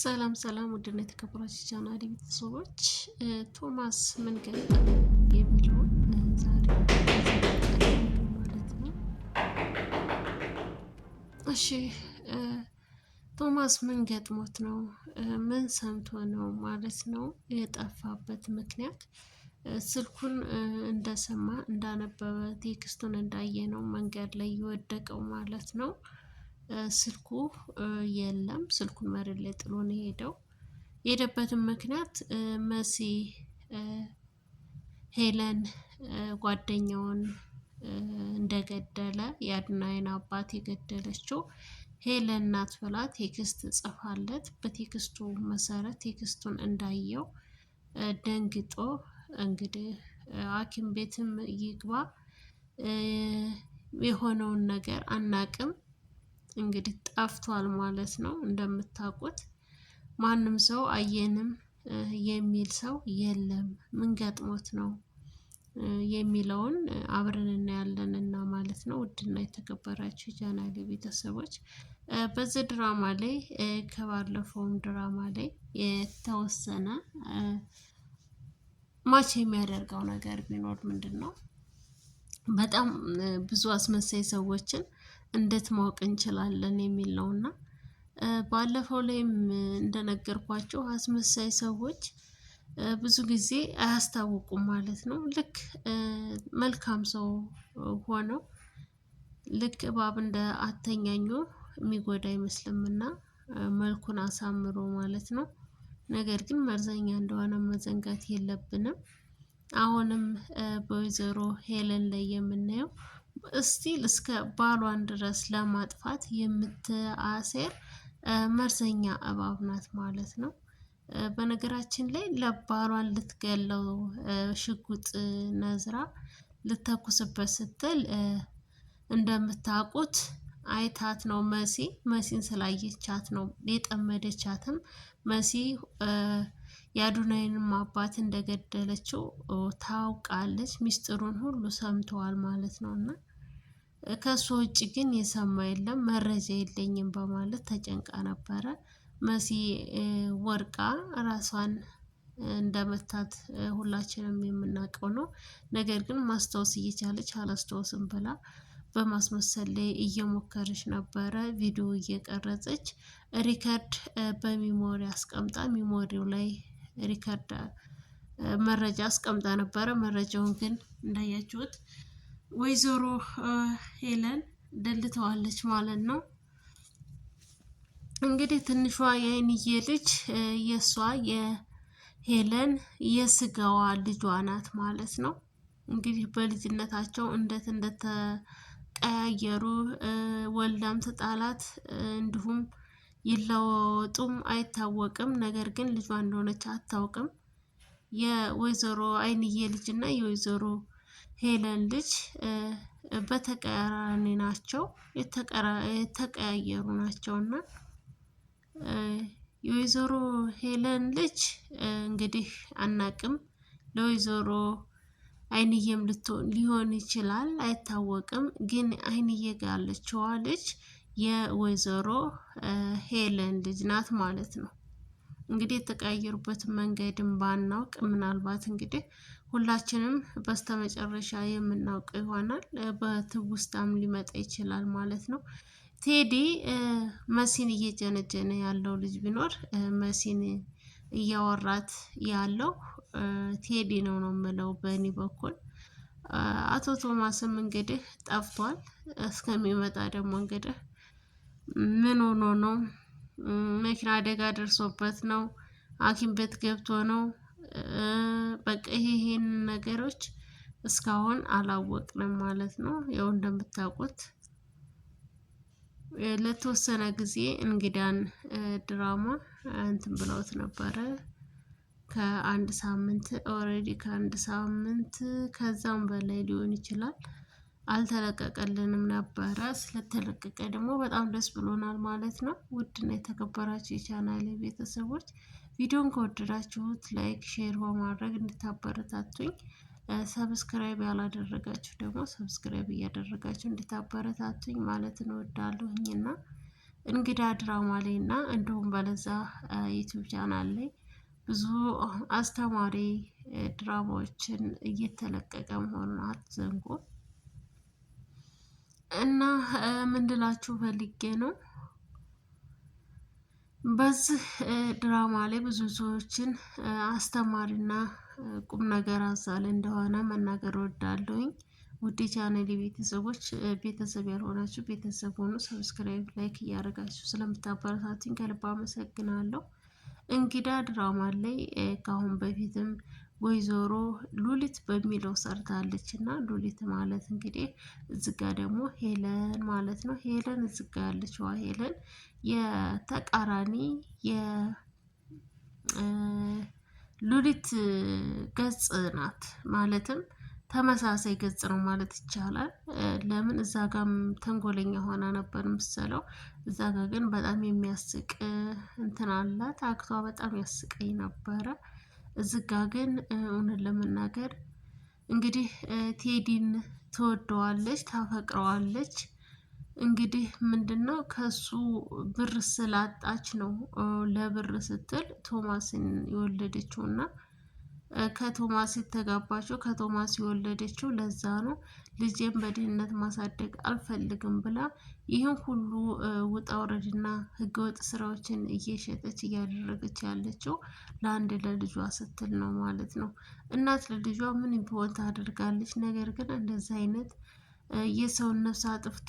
ሰላም ሰላም፣ ውድና የተከበራችሁ ቻናል ቤተሰቦች ቶማስ ምን ገጠ የሚለውን ዛሬ ማለት ነው። እሺ ቶማስ ምን ገጥሞት ነው? ምን ሰምቶ ነው ማለት ነው የጠፋበት ምክንያት ስልኩን እንደሰማ እንዳነበበ ቴክስቱን እንዳየ ነው መንገድ ላይ የወደቀው ማለት ነው። ስልኩ የለም። ስልኩን መሬት ላይ ጥሎ ነው የሄደው። የሄደበትም ምክንያት መሲ ሄለን ጓደኛውን እንደገደለ የአድናይን አባት የገደለችው ሄለን ናት ብላ ቴክስት ጽፋለት በቴክስቱ መሰረት ቴክስቱን እንዳየው ደንግጦ እንግዲህ ሐኪም ቤትም ይግባ የሆነውን ነገር አናቅም እንግዲህ ጠፍቷል ማለት ነው። እንደምታውቁት ማንም ሰው አየንም የሚል ሰው የለም። ምን ገጥሞት ነው የሚለውን አብረን እናያለን እና ማለት ነው። ውድና የተከበራችሁ ቻናሌ ቤተሰቦች በዚህ ድራማ ላይ ከባለፈውም ድራማ ላይ የተወሰነ ማች የሚያደርገው ነገር ቢኖር ምንድን ነው በጣም ብዙ አስመሳይ ሰዎችን እንዴት ማወቅ እንችላለን የሚል ነው እና ባለፈው ላይም እንደነገርኳቸው አስመሳይ ሰዎች ብዙ ጊዜ አያስታውቁም ማለት ነው። ልክ መልካም ሰው ሆነው ልክ እባብ እንደ አተኛኙ የሚጎዳ አይመስልም እና መልኩን አሳምሮ ማለት ነው። ነገር ግን መርዘኛ እንደሆነ መዘንጋት የለብንም። አሁንም በወይዘሮ ሄለን ላይ የምናየው እስቲል እስከ ባሏን ድረስ ለማጥፋት የምትአሴር መርዘኛ እባብ ናት ማለት ነው። በነገራችን ላይ ለባሏን ልትገለው ሽጉጥ ነዝራ ልተኩስበት ስትል እንደምታውቁት አይታት ነው መሲ መሲን ስላየቻት ነው የጠመደቻትም መሲ የአዶናይንም አባት እንደገደለችው ታውቃለች። ሚስጥሩን ሁሉ ሰምተዋል ማለት ነው እና ከእሱ ውጭ ግን የሰማ የለም መረጃ የለኝም በማለት ተጨንቃ ነበረ። መሲ ወርቃ ራሷን እንደመታት ሁላችንም የምናውቀው ነው። ነገር ግን ማስታወስ እየቻለች አላስታወስም ብላ በማስመሰል ላይ እየሞከረች ነበረ። ቪዲዮ እየቀረጸች ሪከርድ በሚሞሪ አስቀምጣ ሚሞሪው ላይ ሪከርድ መረጃ አስቀምጣ ነበረ። መረጃውን ግን እንዳያችሁት ወይዘሮ ሄለን ደልተዋለች ማለት ነው። እንግዲህ ትንሿ የአይንዬ ልጅ የእሷ የሄለን የስጋዋ ልጇ ናት ማለት ነው። እንግዲህ በልጅነታቸው እንደት እንደተቀያየሩ ወልዳም ተጣላት እንዲሁም ይለዋወጡም አይታወቅም። ነገር ግን ልጇ እንደሆነች አታውቅም። የወይዘሮ አይንዬ ልጅ እና የወይዘሮ ሄለን ልጅ በተቃራኒ ናቸው፣ የተቀያየሩ ናቸው እና የወይዘሮ ሄለን ልጅ እንግዲህ አናቅም። ለወይዘሮ አይንዬም ልትሆን ሊሆን ይችላል አይታወቅም። ግን አይንዬ ጋር ያለችዋ ልጅ የወይዘሮ ሄለን ልጅ ናት ማለት ነው። እንግዲህ የተቀያየሩበትን መንገድም ባናውቅ ምናልባት እንግዲህ ሁላችንም በስተመጨረሻ የምናውቀው ይሆናል። በትውስታም ሊመጣ ይችላል ማለት ነው። ቴዲ መሲን እየጀነጀነ ያለው ልጅ ቢኖር መሲን እያወራት ያለው ቴዲ ነው ነው የምለው በእኔ በኩል። አቶ ቶማስም እንግዲህ ጠፍቷል። እስከሚመጣ ደግሞ እንግዲህ ምን ሆኖ ነው? መኪና አደጋ ደርሶበት ነው? ሐኪም ቤት ገብቶ ነው? በቃ ይሄ ይሄን ነገሮች እስካሁን አላወቅንም ማለት ነው። ያው እንደምታውቁት ለተወሰነ ጊዜ እንግዳን ድራማ እንትን ብለውት ነበረ። ከአንድ ሳምንት ኦልሬዲ ከአንድ ሳምንት ከዛም በላይ ሊሆን ይችላል አልተለቀቀልንም ነበረ። ስለተለቀቀ ደግሞ በጣም ደስ ብሎናል ማለት ነው። ውድና የተከበራችሁ የቻናል ቤተሰቦች ቪዲዮን ከወደዳችሁት ላይክ፣ ሼር በማድረግ እንድታበረታቱኝ ሰብስክራይብ ያላደረጋችሁ ደግሞ ሰብስክራይብ እያደረጋችሁ እንድታበረታቱኝ ማለት እንወዳለሁኝ እና እንግዳ ድራማ ላይ እና እንዲሁም በለዛ ዩቱብ ቻናል ላይ ብዙ አስተማሪ ድራማዎችን እየተለቀቀ መሆኑን አትዘንጉ። እና ምንድላችሁ ፈልጌ ነው በዚህ ድራማ ላይ ብዙ ሰዎችን አስተማሪና ቁም ነገር አዛል እንደሆነ መናገር ወዳለሁኝ። ውድ ቻናል ቤተሰቦች ቤተሰብ ያልሆናችሁ ቤተሰብ ሆኑ። ሰብስክራይብ፣ ላይክ እያደረጋችሁ ስለምታበረታቱኝ ከልብ አመሰግናለሁ። እንግዳ ድራማ ላይ ከአሁን በፊትም ወይዘሮ ሉሊት በሚለው ሰርታለች እና ሉሊት ማለት እንግዲህ እዚጋ ደግሞ ሄለን ማለት ነው። ሄለን እዝጋ ያለችዋ ሄለን የተቃራኒ የሉሊት ገጽ ናት ማለትም ተመሳሳይ ገጽ ነው ማለት ይቻላል። ለምን እዛ ጋም ተንኮለኛ ሆና ነበር ምሰለው እዛ ጋ ግን በጣም የሚያስቅ እንትን አላት። አክቷ በጣም ያስቀኝ ነበረ። እዝጋ ግን እውነት ለመናገር እንግዲህ ቴዲን ትወደዋለች፣ ታፈቅረዋለች። እንግዲህ ምንድን ነው ከሱ ብር ስላጣች ነው ለብር ስትል ቶማስን እና ከቶማስ የተጋባቸው ከቶማስ የወለደችው ለዛ ነው። ልጄን በድህነት ማሳደግ አልፈልግም ብላ ይህን ሁሉ ውጣ ውረድና ህገወጥ ስራዎችን እየሸጠች እያደረገች ያለችው ለአንድ ለልጇ ስትል ነው ማለት ነው። እናት ለልጇ ምን ቢሆን ታደርጋለች። ነገር ግን እንደዚ አይነት የሰውን ነፍስ አጥፍቶ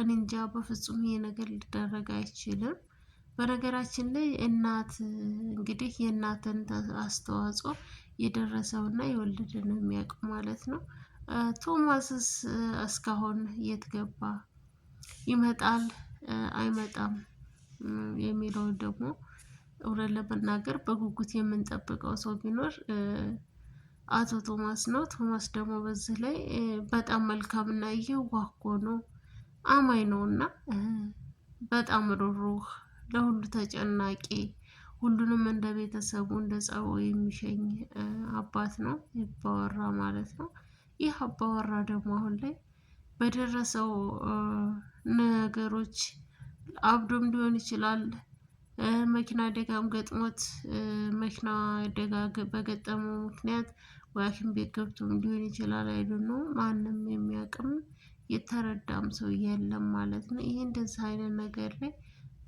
እኔ እንጃ፣ በፍጹም ይሄ ነገር ሊደረግ አይችልም። በነገራችን ላይ እናት እንግዲህ የእናትን አስተዋጽኦ የደረሰውና የወለደ ነው የሚያውቅ ማለት ነው። ቶማስስ እስካሁን የት ገባ? ይመጣል አይመጣም የሚለውን ደግሞ እውነት ለመናገር በጉጉት የምንጠብቀው ሰው ቢኖር አቶ ቶማስ ነው። ቶማስ ደግሞ በዚህ ላይ በጣም መልካምና የዋህ እኮ ነው፣ አማኝ እና በጣም ሩሩህ ለሁሉ ተጨናቂ ሁሉንም እንደ ቤተሰቡ እንደ ጸባው የሚሸኝ አባት ነው ይባወራ ማለት ነው። ይህ አባወራ ደግሞ አሁን ላይ በደረሰው ነገሮች አብዶም ሊሆን ይችላል። መኪና አደጋም ገጥሞት መኪና አደጋ በገጠመው ምክንያት ወይ ሐኪም ቤት ገብቶም ሊሆን ይችላል። አይሉን ነው ማንም የሚያውቅም የተረዳም ሰው የለም ማለት ነው። ይህ እንደዚህ አይነት ነገር ላይ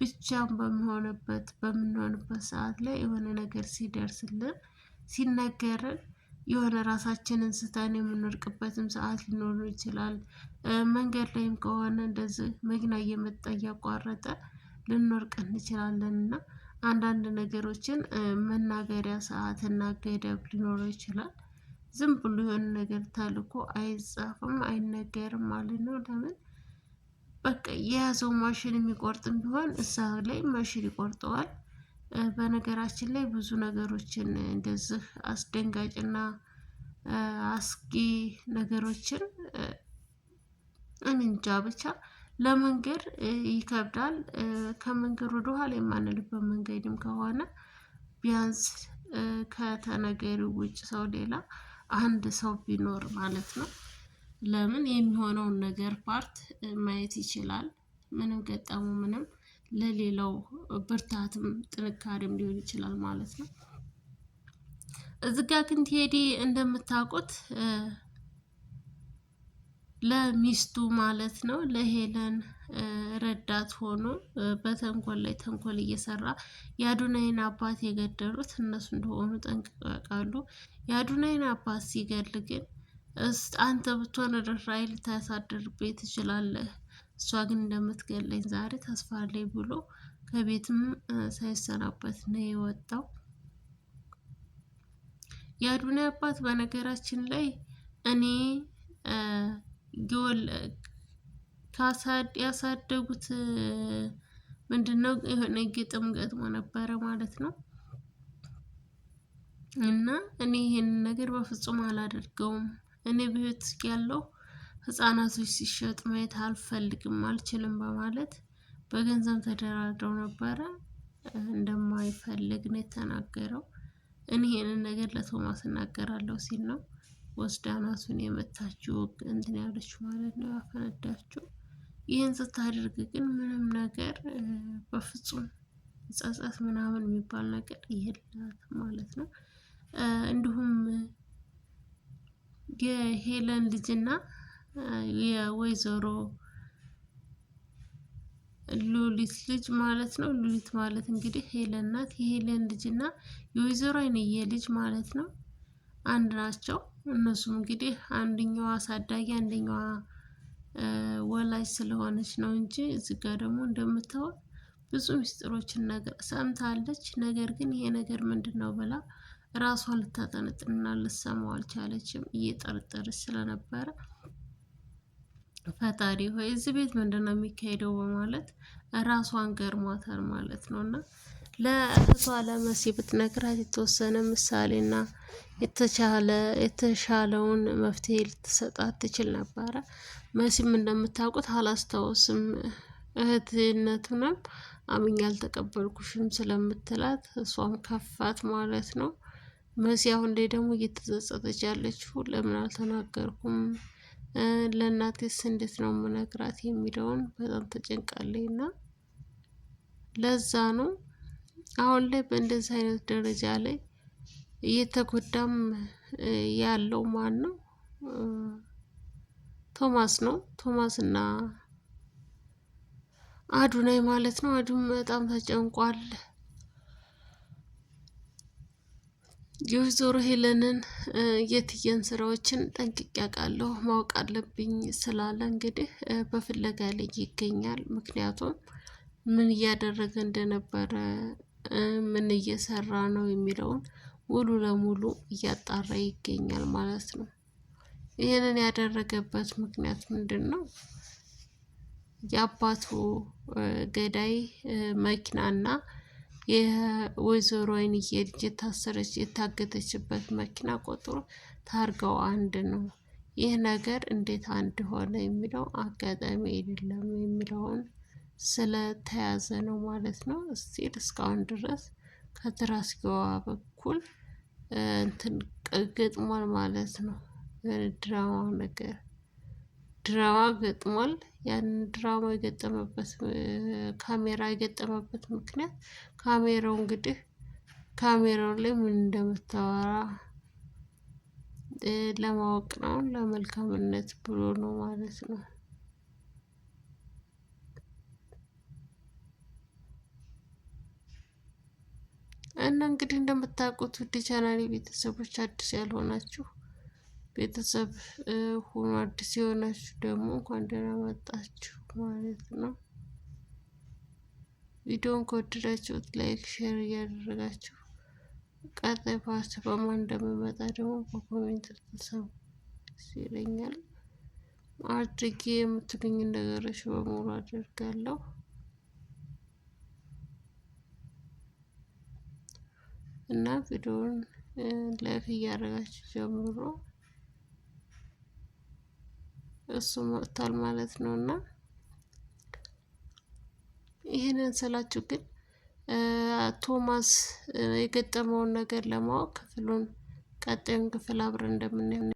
ብቻን በሚሆንበት በምንሆንበት ሰዓት ላይ የሆነ ነገር ሲደርስልን ሲነገርን የሆነ ራሳችንን ስተን የምንወርቅበትም ሰዓት ሊኖሩ ይችላል። መንገድ ላይም ከሆነ እንደዚህ መኪና እየመጣ እያቋረጠ ልንወርቅ እንችላለን እና አንዳንድ ነገሮችን መናገሪያ ሰዓትና ገደብ ሊኖረው ይችላል። ዝም ብሎ የሆነ ነገር ተልኮ አይጻፍም አይነገርም ማለት ነው። ለምን በቃ የያዘው ማሽን የሚቆርጥም ቢሆን እዛ ላይ ማሽን ይቆርጠዋል። በነገራችን ላይ ብዙ ነገሮችን እንደዚህ አስደንጋጭና አስጊ ነገሮችን እንንጃ ብቻ ለመንገድ ይከብዳል። ከመንገድ ወደ ኋላ የማንልበት መንገድም ከሆነ ቢያንስ ከተነገሪ ውጭ ሰው ሌላ አንድ ሰው ቢኖር ማለት ነው። ለምን የሚሆነውን ነገር ፓርት ማየት ይችላል። ምንም ገጠሙ ምንም ለሌላው ብርታትም ጥንካሬም ሊሆን ይችላል ማለት ነው። እዚህ ጋ ግን ቴዲ እንደምታውቁት ለሚስቱ ማለት ነው ለሄለን ረዳት ሆኖ በተንኮል ላይ ተንኮል እየሰራ የአዱናይን አባት የገደሉት እነሱ እንደሆኑ ጠንቅቀው ያውቃሉ። የአዱናይን አባት ሲገድል ግን አንተ ብትሆን ርኅራኄ ልታሳድርብኝ ትችላለህ፣ እሷ ግን እንደምትገለኝ ዛሬ ተስፋ አለኝ ብሎ ከቤትም ሳይሰናበት ነው የወጣው። የአዱናይ አባት በነገራችን ላይ እኔ ያሳደጉት ምንድነው የሆነ ግጥም ገጥሞ ነበረ ማለት ነው። እና እኔ ይህን ነገር በፍጹም አላደርገውም እኔ ቤት ያለው ህጻናቶች ሲሸጥ ማየት አልፈልግም አልችልም በማለት በገንዘብ ተደራድረው ነበረ። እንደማይፈልግ ነው የተናገረው። እኔ ይሄንን ነገር ለቶማስ እናገራለሁ ሲል ነው ወስዳ ናቱን የመታችው እንትን ያለችው ማለት ነው ያፈነዳችው። ይህን ስታደርግ ግን ምንም ነገር በፍጹም ጸጸት ምናምን የሚባል ነገር የላት ማለት ነው እንዲሁም የሄለን ልጅና የወይዘሮ ሉሊት ልጅ ማለት ነው። ሉሊት ማለት እንግዲህ ሄለን ናት። የሄለን ልጅና የወይዘሮ አይንዬ ልጅ ማለት ነው አንድ ናቸው። እነሱም እንግዲህ አንደኛዋ አሳዳጊ አንደኛዋ ወላጅ ስለሆነች ነው እንጂ እዚህ ጋር ደግሞ እንደምታወቅ ብዙ ሚስጥሮችን ነገር ሰምታለች። ነገር ግን ይሄ ነገር ምንድን ነው ብላ ራሷን ልታጠነጥንና ልትሰማው አልቻለችም። እየጠርጠር ስለነበረ ፈጣሪ ሆይ እዚህ ቤት ምንድን ነው የሚካሄደው በማለት ራሷን ገርሟታል ማለት ነው እና ለእህቷ ለመሲ ብትነግራት የተወሰነ ምሳሌና የተቻለ የተሻለውን መፍትሄ ልትሰጣት ትችል ነበረ። መሲም እንደምታውቁት አላስታውስም እህትነቱንም አምኜ አልተቀበልኩሽም ስለምትላት እሷም ከፋት ማለት ነው። መሲ አሁን ላይ ደግሞ እየተጸጸተች ያለችው ለምን አልተናገርኩም፣ ለእናቴስ እንዴት ነው የምነግራት የሚለውን በጣም ተጨንቃለች እና ለዛ ነው አሁን ላይ በእንደዚህ አይነት ደረጃ ላይ እየተጎዳም ያለው ማን ነው? ቶማስ ነው። ቶማስ እና አዱናይ ማለት ነው። አዱም በጣም ተጨንቋል። ቪዲዮች ዞር ሄለንን የትየን ስራዎችን ጠንቅቄ አውቃለሁ ማወቅ አለብኝ ስላለ እንግዲህ በፍለጋ ላይ ይገኛል። ምክንያቱም ምን እያደረገ እንደነበረ ምን እየሰራ ነው የሚለውን ሙሉ ለሙሉ እያጣራ ይገኛል ማለት ነው። ይህንን ያደረገበት ምክንያት ምንድን ነው? የአባቱ ገዳይ መኪናና የወይዘሮ አይንዬ ልጅ የታሰረች የታገተችበት መኪና ቁጥሩ ታርገው አንድ ነው። ይህ ነገር እንዴት አንድ ሆነ የሚለው አጋጣሚ አይደለም የሚለውን ስለተያዘ ነው ማለት ነው። እስቲል እስካሁን ድረስ ከትራስጌዋ በኩል እንትን ገጥሟል ማለት ነው። ድራማ ነገር ድራማ ገጥሟል። ያን ድራማ የገጠመበት ካሜራ የገጠመበት ምክንያት ካሜራው እንግዲህ ካሜራው ላይ ምን እንደምታወራ ለማወቅ ነው፣ ለመልካምነት ብሎ ነው ማለት ነው። እና እንግዲህ እንደምታውቁት ውድ ቻናሌ ቤተሰቦች አዲስ ያልሆናችሁ ቤተሰብ ሁኑ። አዲስ የሆናችሁ ደግሞ እንኳን ደህና መጣችሁ ማለት ነው። ቪዲዮን ከወደዳችሁት ላይክ፣ ሼር እያደረጋችሁ ቀጣይ ፓርት በማን እንደምመጣ ደግሞ በኮሜንት ተሰቡ ይለኛል። አድርጌ የምትሉኝ ነገሮች በሙሉ አደርጋለሁ። እና ቪዲዮውን ላይክ እያደረጋችሁ ጀምሮ እሱም ወጥቷል ማለት ነው። እና ይህንን ስላችሁ ግን ቶማስ የገጠመውን ነገር ለማወቅ ክፍሉን ቀጣዩን ክፍል አብረን እንደምናየው